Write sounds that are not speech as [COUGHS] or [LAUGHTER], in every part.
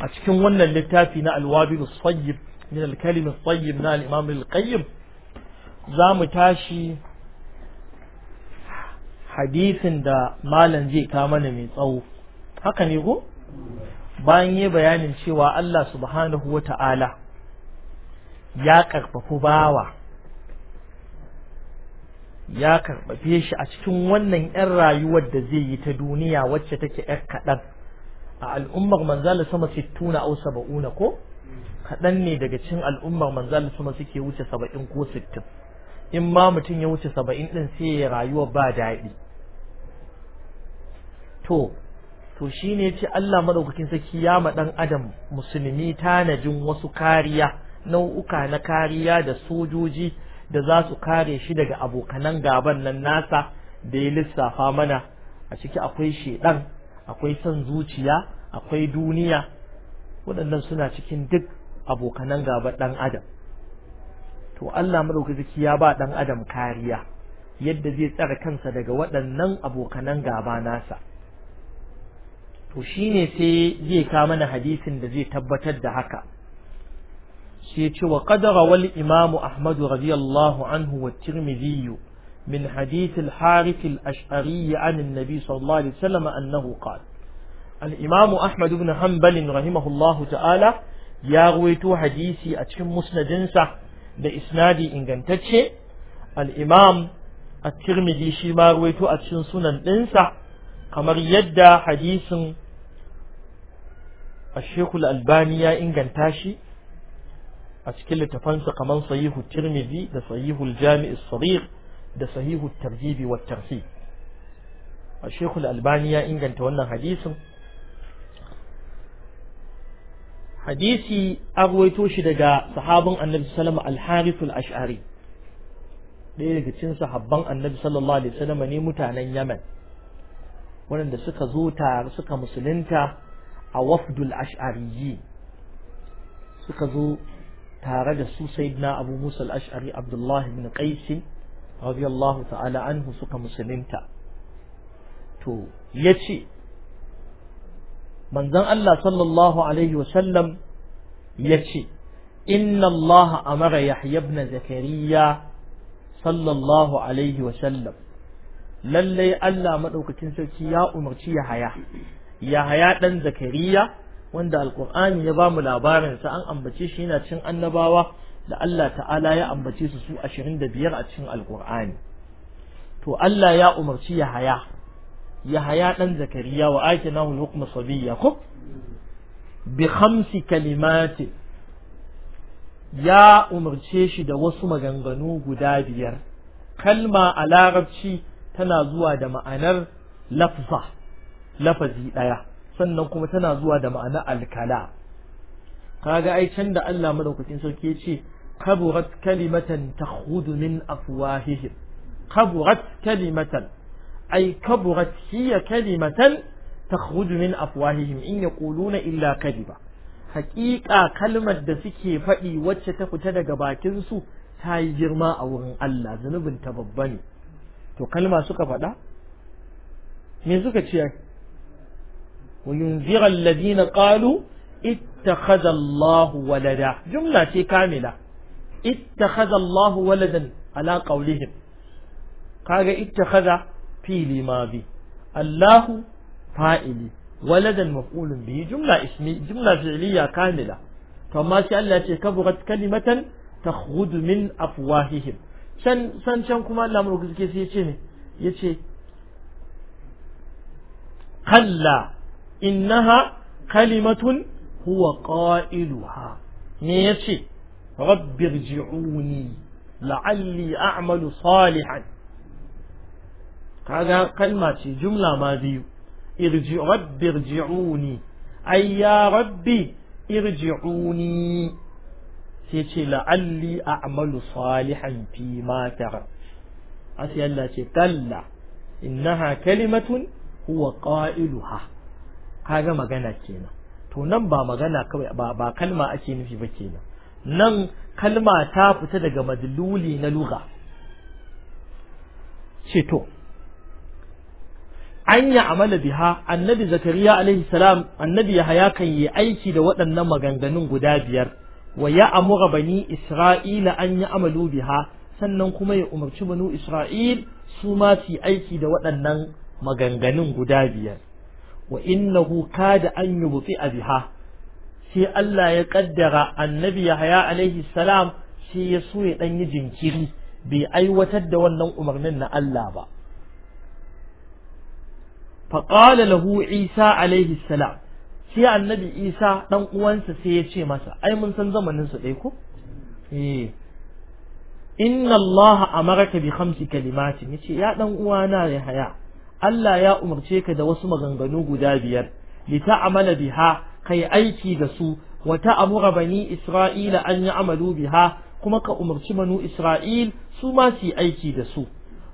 a cikin wannan littafi na alwabin sayyib min alkalim sayyib na al-imam al-qayyim za mu tashi hadisin da malam zai ka mana mai tsawo haka ne ko bayan yi bayanin cewa Allah subhanahu wa ta'ala ya karfafi bawa ya karfafe shi a cikin wannan 'yan rayuwar da zai yi ta duniya wacce take 'yar kaɗan a al'ummar manzala sama sittuna au saba'una ko kaɗan ne daga cin al'ummar manzala sama suke wuce saba'in ko sittin in ma mutum ya wuce saba'in ɗin sai ya rayuwa ba daɗi to to shi ne ce Allah maɗaukakin saki ya ma ɗan adam musulmi tanajin wasu kariya nau'uka na kariya da sojoji da za su kare shi daga abokanan gaban nan nasa da ya lissafa mana a ciki akwai shaidan. akwai son zuciya akwai duniya waɗannan suna cikin duk abokanan gaba ɗan adam to Allah madaukaki ya ba ɗan adam kariya yadda zai tsare kansa daga waɗannan abokanan gaba nasa to shine sai zai ka mana hadisin da zai tabbatar da haka sai ce wa qadara wal imamu Ahmad radiyallahu anhu wa Tirmidhi min hadith al-Harith al-Ash'ari an an-nabi sallallahu alaihi wasallam annahu qala al’imamu Ahmadu bin hanbalin rahimahullahu ta’ala ya ruwaito hadisi a cikin musnadinsa da isnadi ingantacce, al’imam a tirmidhi shi ma ruwaito a cikin sunan ɗinsa kamar yadda hadisin a shekul albani inganta shi a cikin littafansa kamar sahihu tirmidhi da sahihu jami'i sarir da sahihu tarjibi wa tarfi a shekul albani ya inganta wannan hadisin hadisi an shi daga sahabin annabi sallama al-harithul ash'ari ɗaya daga cikin sahabban annabi sallallahu alaihi wasallam ne mutanen yaman wanda suka zo tare suka musulunta a wafdul ash'ariyyi suka zo tare da su sayyidina abu musa al-ash'ari abdullah ibn qais radiyallahu ta'ala anhu suka musulunta to yace manzon Allah sallallahu alaihi wasallam Ya inna Allah amara Yahya ibn Zakariya sallallahu alaihi wa sallam lallai Allah madaukakin sarki ya umarci Yahaya Yahaya dan Zakariya wanda alqur'ani ya bamu labarin sa an ambace shi yana cin annabawa da Allah ta'ala ya ambace su su 25 a cikin alqur'ani to Allah ya umarci Yahaya Yahaya dan Zakariya wa aitinahu al sabiyya ko bi khamsi kalimati ya umarce shi da wasu maganganu guda biyar kalma a larabci tana zuwa da ma'anar lafza lafazi daya sannan kuma tana zuwa da ma'anar alkala kaga ai can da Allah madaukakin sarki yace kaburat kalimatan takhudu min afwahihim kaburat kalimatan ai kaburat hiya kalimatan takhruju min afwahihim in yaquluna illa kadiba haƙiƙa kalmar da suke faɗi wacce ta fita daga bakin su ta girma a wurin Allah zunubin ta babba ne to kalma suka faɗa me suka ce wa yunzira alladhina qalu ittakhadha Allahu walada jumla ce kamila ittakhadha Allahu waladan ala qawlihim kaga ittakhadha fili madi Allahu fa'ili waladan maf'ulun biyu jumla ismi jumla fi'liya kamila to amma sai Allah ce kaburat kalimatan takhruj min afwahihim can san can kuma Allah mu gaske sai yace ne yace kalla innaha kalimatun huwa ne ya yace rabbir ji'uni la'alli a'malu salihan kaga kalma ce jumla ma biyu irji rabbi irji'uni ai ya rabbi irji'uni sai ce la'alli a'malu salihan fi ma tara asai Allah ce kalla innaha kalimatun huwa qailuha kaga magana kenan to nan ba magana kawai ba ba kalma ake nufi ba kenan nan kalma ta fita daga madluli na lugha ce to an ya amala biha annabi zakariya alaihi salam annabi yahaya kan yi aiki da waɗannan maganganun guda biyar wa ya amura bani isra'ila an ya amalu biha sannan kuma ya umarci banu isra'il su ma su aiki da waɗannan maganganun guda biyar wa innahu kada an a biha sai Allah ya kaddara annabi yahaya alaihi salam sai ya so ya ɗan yi jinkiri bai aiwatar da wannan umarnin na Allah ba فقال له عيسى عليه السلام sai annabi isa ɗan uwansa sai yace masa ai mun san zamanin su dai ko eh inna allaha amaraka bi khamsi kalimatin yace ya dan uwana ya haya Allah ya umarce ka da wasu maganganu guda biyar li ta'amala biha kai aiki da su wa ta'amura bani isra'ila an ya'malu biha kuma ka umarci banu isra'il su ma su aiki da su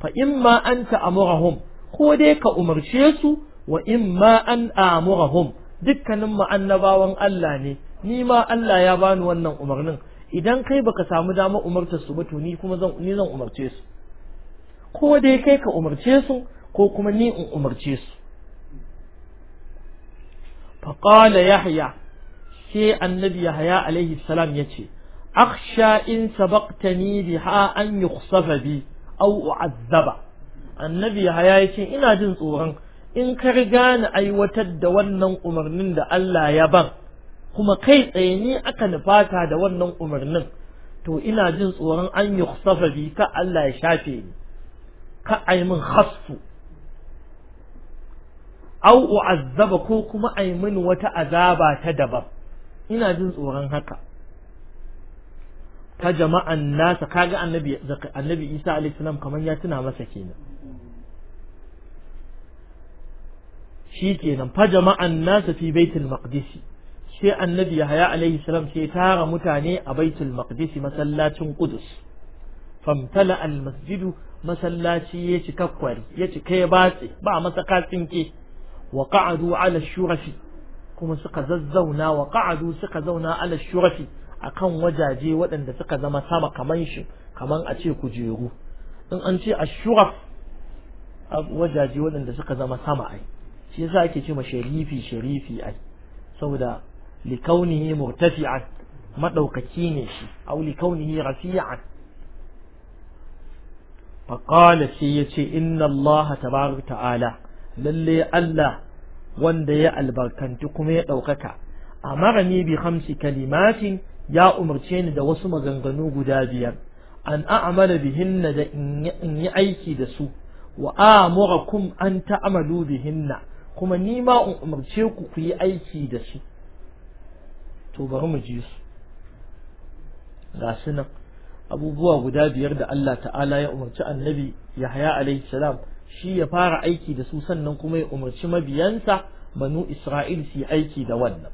fa imma an ta'amurahum ko dai ka umarce su wa ma an amurahum dukkanin mu annabawan Allah ne ni ma Allah ya bani wannan umarnin idan kai baka samu dama umartar su ba to ni kuma zan ni zan umarce su ko dai kai ka umarce su ko kuma ni in umarce su faqala yahya sai annabi yahya alaihi salam yace aksha in sabaqtani biha an yukhsafa bi aw u'azzaba annabi Yahaya ya ce ina jin tsoron in ka riga ni aiwatar da wannan umarnin da Allah ya ban kuma kai tsaye ni aka nufata da wannan umarnin to ina jin tsoron an yi kusafa bi ka Allah ya shafe ni ka ai min hasfu au u'azzaba ko kuma ai min wata azaba ta daban ina jin tsoron haka ta jama'an nasa kaga annabi annabi Isa alaihi salam kaman ya tuna masa kenan shikenan fa jama'an nasa fi baitul maqdis sai annabi yahya alaihi salam sai tara mutane a baitul maqdis masallacin qudus famtala al masjidu masallaci ya cika kwari ya cika ya batse ba kafin ke wa qa'adu ala shurafi kuma suka zazzauna wa qa'adu suka zauna ala shurafi akan wajaje waɗanda suka zama sama kaman shi kaman a ce kujeru in an ce ashuraf wajaje waɗanda suka zama sama ai shi yasa ake cewa sharifi sharifi ai saboda likaunihi murtafi'an madaukaki ne shi aw likaunihi rafi'an faqala shi yace inna allaha tabaraka ta'ala lalle allah wanda ya albarkanti kuma ya daukaka amarani bi khamsi kalimatin ya umarce ni da wasu maganganu guda biyar an a'mala bihinna da in yi aiki da su wa amurakum an ta'amalu bihinna kuma ni ma in umarce ku ku yi aiki da su to bari mu ji su ga su nan abubuwa guda biyar da Allah ta'ala ya umarci annabi Yahya alaihi salam shi ya fara aiki da su sannan kuma ya umarci mabiyansa banu Isra'il su yi aiki da wannan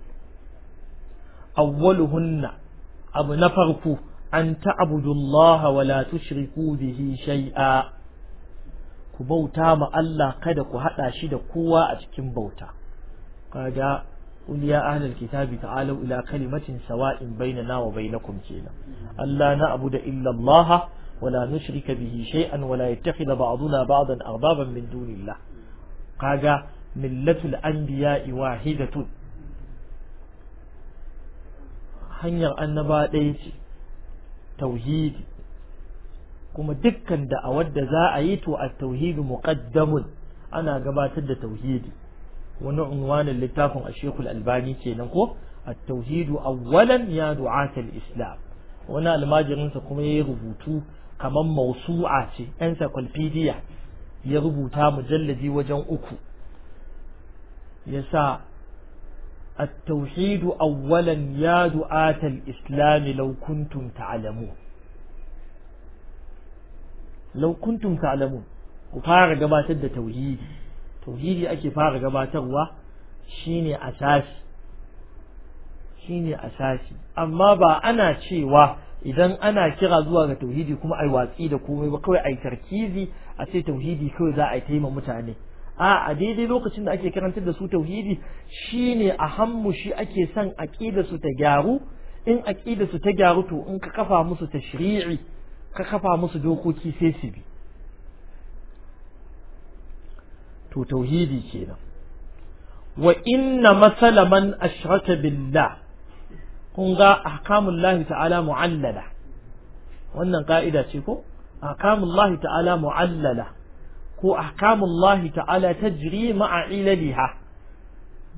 awwaluhunna abu na farko an ta'budullaha wa la tushriku bihi shay'a ku bauta ma Allah kada ku haɗa shi da kowa a cikin bauta kaga uliya ahlul kitabi ta'alu ila kalimatin sawa'in bainana wa bainakum kenan Allah na abuda illa Allah wala nushrika bihi shay'an wala yattakhidha ba'duna ba'dan arbaban min dunillah kaga millatul anbiya'i wahidatun hanyar annaba ɗaya ce tauhid kuma dukkan da'awar da za a yi to a tauhid muqaddamun ana gabatar da tauhidi wani unwanin littafin a shekul albani kenan ko a Tauhidu awwalan ya du'at al-islam wani almajirinsa kuma ya rubutu kamar mausu'a ce encyclopedia ya rubuta mujalladi wajen uku yasa at Tauhidu awwalan ya du'at al-islam law kuntum ta'lamun law kuntum ta'lamun ku fara gabatar da tauhidi tauhidi ake fara gabatarwa shine asasi shine asasi amma ba ana cewa idan ana kira zuwa ga tauhidi kuma ai watsi da komai ba kawai ai tarkizi a ce tauhidi kawai za a taima mutane a a daidai lokacin da ake karantar da su tauhidi shine a hammu shi ake son aqida su ta gyaru in aqida su ta gyaru to in ka kafa musu tashri'i ka kafa musu dokoki sai su bi to tauhidi kenan wa inna matsala man ashraka billah kun ga ahkamul lahi ta'ala mu'allala wannan ka'ida ce ko ahkamul lahi ta'ala mu'allala ko ahkamul lahi ta'ala tajri ma'a ilaliha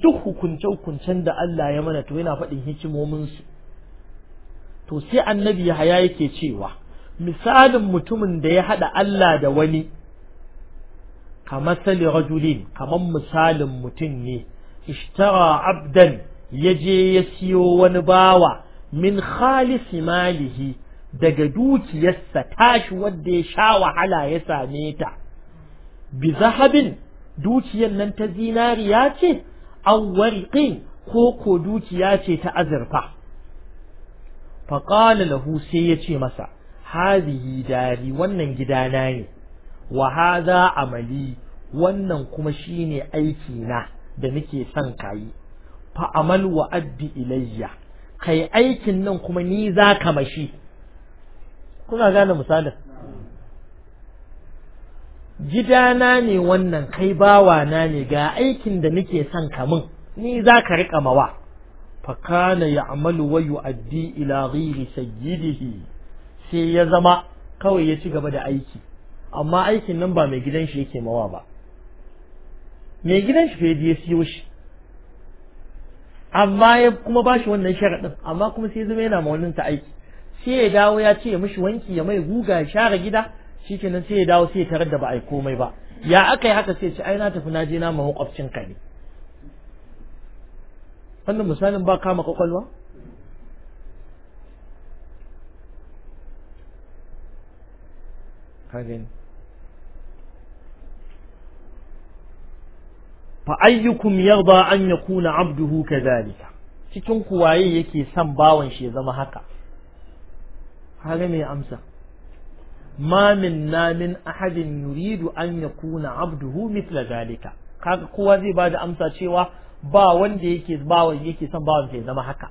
duk hukunce hukuncen da Allah ya mana to yana faɗin hikimominsu su to sai annabi Yahaya yake cewa misalin mutumin da ya haɗa Allah da wani kamar sali rajulin kamar misalin mutum ne ishtara abdan ya je ya siyo wani bawa min khalisi malihi daga dukiyarsa tashi wadda ya sha wahala ya same ta bi zahabin dukiyar nan ta zinariya ce an warqin ko ko dukiya ce ta azurfa faqala lahu sai ya ce masa hadihi dari wannan gidana ne wa hadha amali wannan kuma shine aiki na da nake son kayi fa amal wa addi ilayya kai aikin nan kuma ni za ka mashi kuna gane misalin gidana ne wannan kai bawa na ne ga aikin da nake son ka min ni za ka riƙa mawa fa kana amalu wa yu'addi ila ghairi sayyidihi sai ya zama kawai ya ci gaba da aiki amma aikin nan ba mai gidan shi yake mawa ba mai gidan shi fa ya siyo shi amma ya kuma ba shi wannan sharaɗin amma kuma sai zama yana maunin ta aiki sai ya dawo ya ce ya mishi wanki ya mai guga ya share gida shi ke nan sai ya dawo sai ya tarar da ba a yi komai ba ya aka yi haka sai ce ai na tafi na je na ma makwabcin ka ne wannan misalin ba kama kwakwalwa مثل فأيكم يرضى أن يكون عبده كذلك cikin kuwaye yake son bawan shi zama haka haka mai amsa ma na min ahadin yuridu an kuna abduhu mithla zalika kaga kowa zai ba da amsa cewa ba wanda yake bawan yake son bawan shi zama haka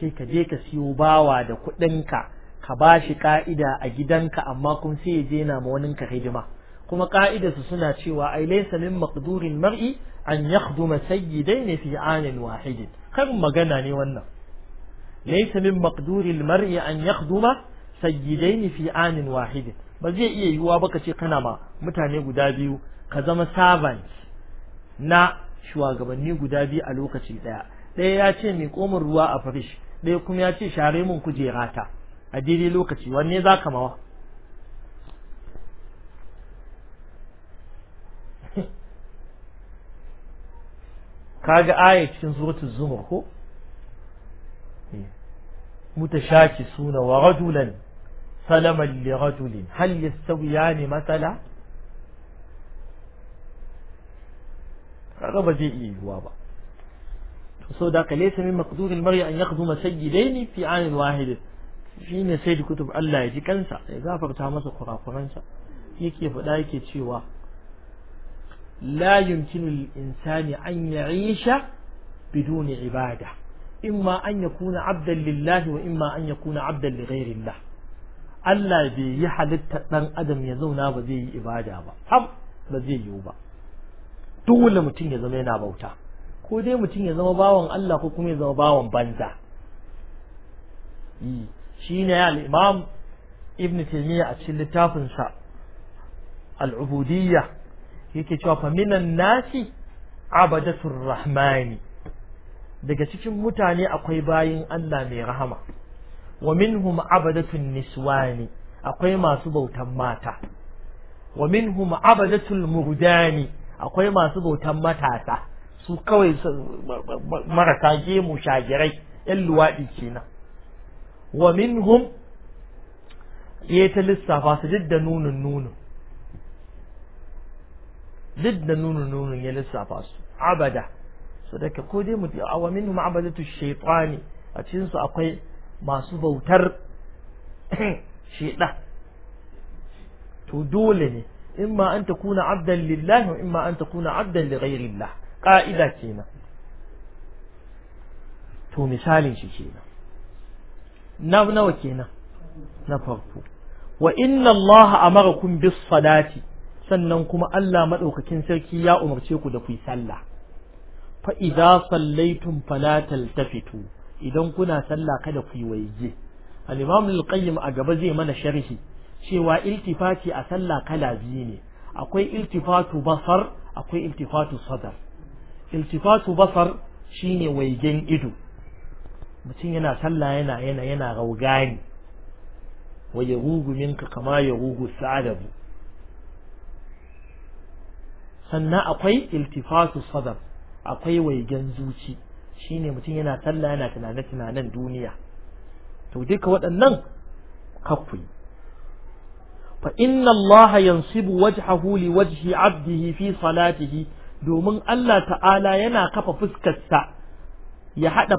sai ka je ka siyo bawa da kuɗinka ka ba shi ka'ida a gidanka amma kun sai ya je na ma wani ka hidima kuma ka'idarsu suna cewa ai laysa min maqdurin mar'i an yakhduma sayyidain fi anin wahidin karin magana ne wannan laysa min maqdurin mar'i an yakhduma sayyidain fi anin wahidin ba zai iya yiwuwa ba ka ce kana ma mutane guda biyu ka zama servant na shugabanni guda biyu a lokaci daya ɗaya ya ce mai komin ruwa a farish ɗaya kuma ya ce share mun kujerata a daidai lokaci wanne za ka mawa [LAUGHS] kaga aya cikin zuwatar zuma ko eh. muta shaki suna wa rajulan salaman li rajulin hal yastawiya ne matsala kaga iya yiwuwa ba so da ka lesa min makudurin mariya an ya kazo masai gidai ne fi anin wahidin shi ne sai da kutub Allah ya ji kansa ya gafarta masa kurakuransa yake faɗa yake cewa la yumkinu lil insani an ya'isha bidun ibada imma an yakuna abdan lillahi wa imma an yakuna abdan li ghairillah Allah bai yi halitta dan adam ya zauna ba zai yi ibada ba har ba zai yiwu ba dole mutum ya zama yana bauta ko dai mutum ya zama bawan Allah ko kuma ya zama bawan banza shine al al’imam ibn taimiyya a cikin littafinsa al'ubudiyya. yake cewa faminan minan nasi abadatun rahmani daga cikin mutane akwai bayin Allah mai rahama wa minhum abadatun niswani akwai masu bautan mata wa minhum abadatun murdani akwai masu bautan matasa su kawai marasa gemu shagirai yan luwaɗi kenan ومنهم يتلسى فاس جدا نون النون جدا نون النون يلسى فاس عبدا سودك كودي مدي او منهم عبدة الشيطان أتشين سأقوي ما سبوتر [COUGHS] شيطان تدولني إما أن تكون عبدا لله وإما أن تكون عبدا لغير الله قائدة كينا تو مثال شيء كينا na nawa kenan na farko wa inna Allah amarakum bis salati sannan kuma Allah madaukakin sarki ya umarce ku da ku yi sallah fa idza sallaitum fala taltafitu idan kuna sallah kada ku yi waje al-imam al-qayyim a gaba zai mana sharhi cewa iltifati a sallah kala biyu ne akwai iltifatu basar akwai iltifatu sadar iltifatu basar shine waigen ido mutum yana sallah yana yana yana raugani wa ya rugu minka kama ya rugu sa'adabu sannan akwai iltifatu sadar akwai waigen zuci shine mutum yana sallah yana tunane tunanen duniya to duka waɗannan kakwai. fa inna allaha yansibu wajhahu li wajhi abdihi fi salatihi domin Allah ta'ala yana kafa fuskarsa ya hada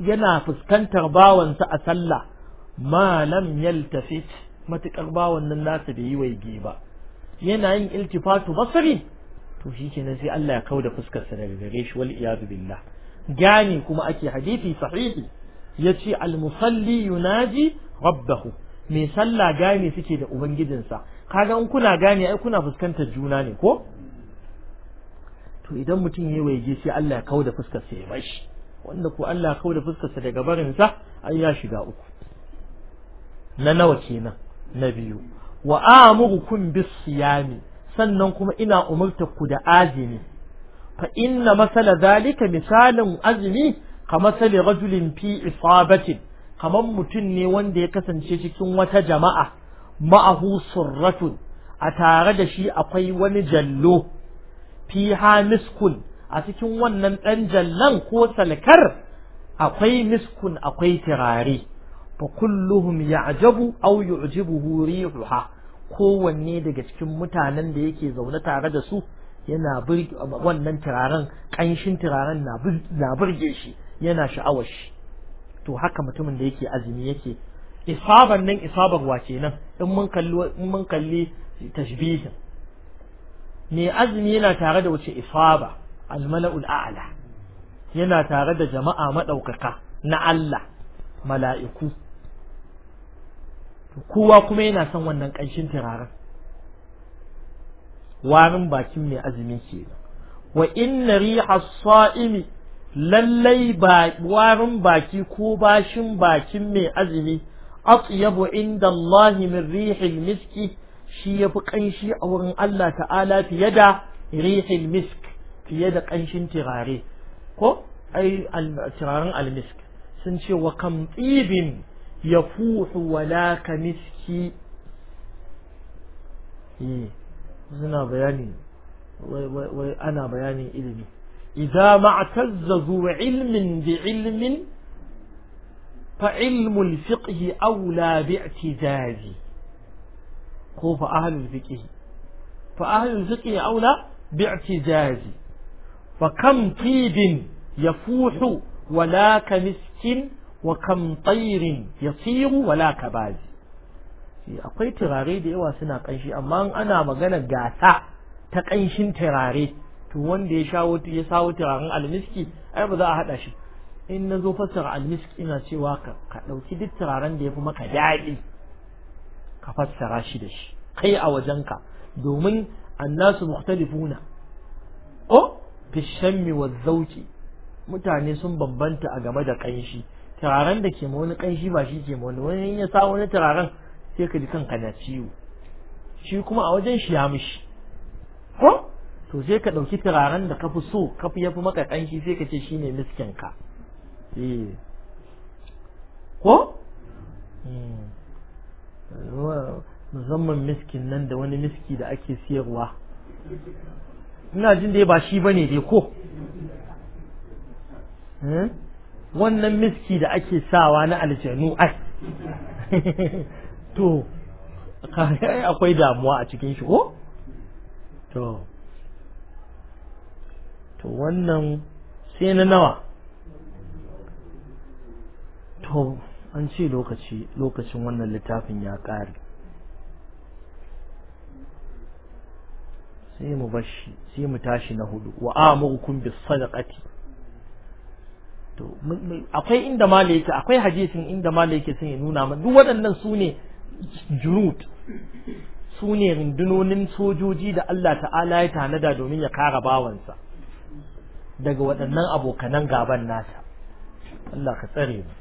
yana fuskantar bawansa a sallah ma lam yaltafit matukar bawan nan nasa bai yi waige ba yana yin iltifatu basari to shi kenan sai Allah ya kauda fuskar sa daga gare shi wal iyadu billah gani kuma ake hadisi sahihi yace al musalli yunaji rabbahu Me sallah gane suke da ubangijinsa kaga in kuna gane ai kuna fuskantar juna ne ko to idan mutum ya waige sai Allah ya da fuskar sa ya bashi wanda ko Allah kawai da fuskarsa daga barinsa ai ya shiga uku na nawa kenan na biyu wa amurukum bis sannan kuma ina umurta ku da azumi fa inna masala zalika misalin azumi kama sali rajulin fi isabatin kamar mutum ne wanda ya kasance cikin wata jama'a ma'ahu surratun a tare da shi akwai wani jallo fi hamiskun a cikin wannan ɗan jallan ko salkar akwai miskun akwai tirare fa kulluhum ya'jabu aw yu'jibuhu rihuha kowanne daga cikin mutanen da yake zaune tare da su yana wannan tiraren kanshin tiraren na burge shi yana sha'awar shi to haka mutumin da yake azumi yake isaban nan isabar wa kenan in mun kalli in mun kalli tashbihin me azumi yana tare da wace isaba almala'ul a'la yana tare da jama'a maɗaukaka na Allah mala'iku kowa kuma yana son wannan ƙanshin turaren warin bakin mai azumi ke wa inna riha sa'imi lallai ba warin baki ko bashin bakin mai azumi atyabu inda Allah min rihil miski shi yafi ƙanshi a wurin Allah ta'ala fiye da rihil miski fiye da ƙanshin tirare ko ai tiraren almisk sun ce wa kam tsibin ya fuhu wala ka miski suna bayani wai ana bayanin ilimi idza ma'tazza zu ilmin bi ilmin fa ilmul fiqhi aula bi i'tizazi ko fa ahlul fiqhi fa ahlul fiqhi aula bi i'tizazi فكم طيب يفوح ولا كمسك وكم طير يطير ولا كبازي akwai turare da yawa suna kanshi amma ana magana gasa ta ƙanshin turare to wanda ya shawo sawo turaren almiski ai za a haɗa shi in nazo fassara almiski ina cewa ka ɗauki duk turaren da ya fi maka daɗi ka fassara shi da shi kai a wajen ka domin annasu mukhtalifuna oh fi shammi wa zauki mutane sun bambanta a game da kanshi turaren da ke wani kanshi ba shi ke wani wani ya sa wani turaren sai ka ji kanka na ciwo shi kuma a wajen shi ya mishi ko to sai ka ɗauki turaren da ka fi so ka fi yafi maka kanshi sai ka ce shi ne miskin eh ko hmm. musamman miskin nan da wani miski da ake siyarwa ina jin da ba shi bane dai ko hmm? wannan miski da ake sawa na aljanu ai [LAUGHS] to akwai damuwa a cikin shi ko to to wannan sai na nawa to an ce lokaci lokacin wannan littafin ya ƙare sai mu bashi sai mu tashi na hudu wa amurukum bis sadaqati to akwai inda mala akwai hadisin inda mala yake sun nuna mana duk waɗannan su ne junud su ne rundunonin sojoji da Allah ta'ala ya tanada domin ya kara bawansa daga waɗannan abokanan gaban nata Allah ka tsare mu